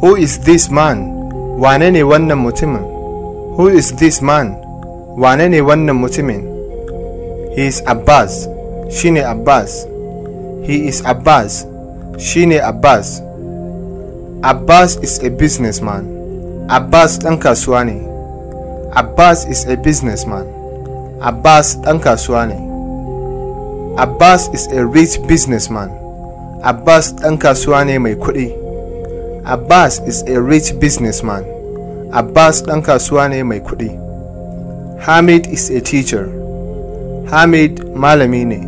Who is this man? Wane ne wannan mutumin? Who is this man? Wane ne wannan mutumin? He is Abbas, She ne Abbas. He is Abbas, She ne Abbas. Abbas is a businessman. Abbas ɗan kasuwa ne. Abbas is a businessman. Abbas ɗan kasuwa ne. Abbas is a rich businessman. Abbas ɗan kasuwa ne mai kuɗi. Abbas is a rich businessman. Abbas ɗan kasuwa ne mai kuɗi. Hamid is a teacher. Hamid malami ne.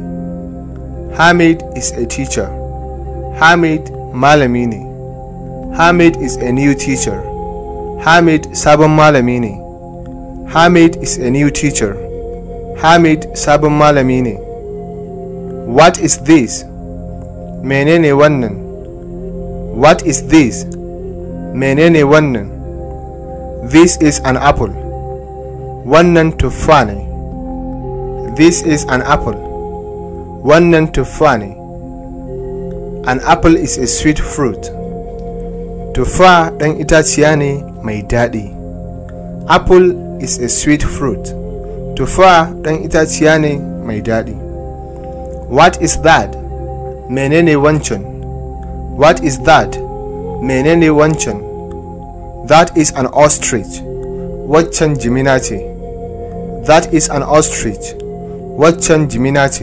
Hamid is a teacher. Hamid malami ne. Hamid is a new teacher. Hamid sabon malami ne. Hamid is a new teacher. Hamid sabon malami ne. What is this? Menene wannan? What is this? Menene wannan? This is an apple. Wannan tuffa ne. This is an apple. Wannan tuffa ne. An apple is a sweet fruit. Tuffa ɗan itaciya ne mai daɗi. Apple is a sweet fruit. Tuffa ɗan itaciya ne mai daɗi. What is that? Menene wancan? What is that? Menene wancan? That is an ostrich. Waccan jimina ce. That is an ostrich. Waccan jimina ce.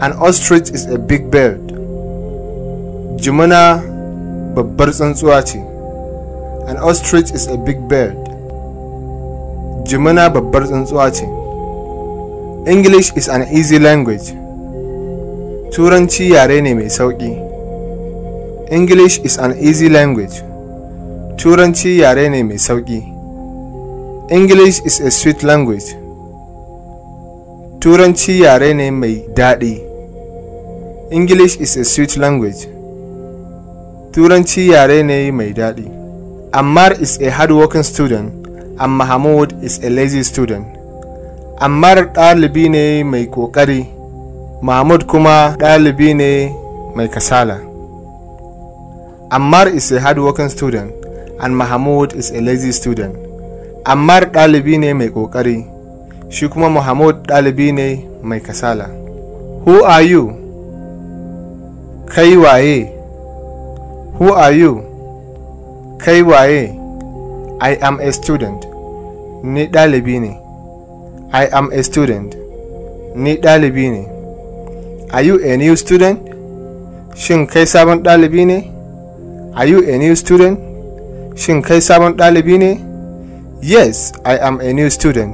An ostrich is a big bird. Jimina babbar tsuntsuwa ce. An ostrich is a big bird. Jimina babbar tsuntsuwa ce. English is an easy language. Turanci yare ne mai sauƙi. English is an easy language. Turanci yare ne mai sauƙi. English is a sweet language. Turanci yare ne mai daɗi. English is a sweet language. Turanci yare ne mai daɗi. Ammar is a hardworking student and Mahmud is a lazy student. Ammar ɗalibi ne mai ƙoƙari, Mahmud kuma ɗalibi ne mai kasala. Ammar is a hardworking student and Mahmoud is a lazy student. Ammar ɗalibi ne mai ƙoƙari, shi kuma Mahmoud ɗalibi ne mai kasala. Who are you? Kai waye? Who are you? Kai waye? I am a student. Ni ɗalibi ne. I am a student. Ni ɗalibi ne. Are you a new student? Shin kai sabon ɗalibi ne? Are you a new student? Shin kai sabon ɗalibi ne? Yes, I am a new student.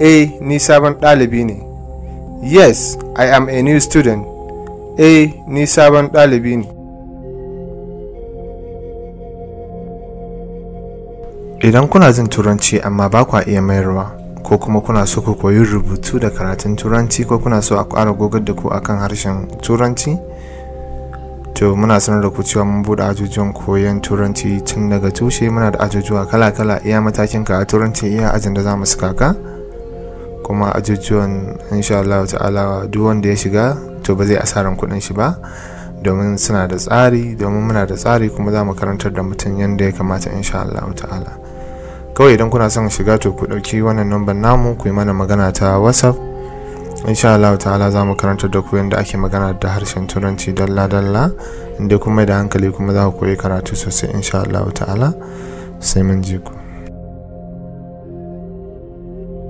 A eh, ni sabon ɗalibi ne. Yes, I am a new student. A eh, ni sabon ɗalibi ne. Idan kuna jin Turanci amma ba kwa iya mayarwa, ko kuma kuna so ku koyi rubutu da karatun Turanci ko kuna so a ƙara gogar da ku akan harshen Turanci, to muna sanar da ku cewa mun bude ajujuwan koyon turanci tun daga tushe muna da ajujuwa kala-kala iya matakin ka a turanci iya ajin da za mu saka ka kuma ajujuwan insha Allah ta'ala duk wanda ya shiga to ba zai asaran kuɗin shi ba domin suna da tsari domin muna da tsari kuma za mu karantar da mutum yadda ya kamata insha Allah ta'ala kawai idan kuna son shiga to ku ɗauki wannan number namu ku yi mana magana ta whatsapp insha Allah ta'ala za mu karanta da ku yadda ake magana da harshen turanci dalla dalla inda kuma da hankali kuma za ku koyi karatu sosai insha Allah ta'ala sai mun ji ku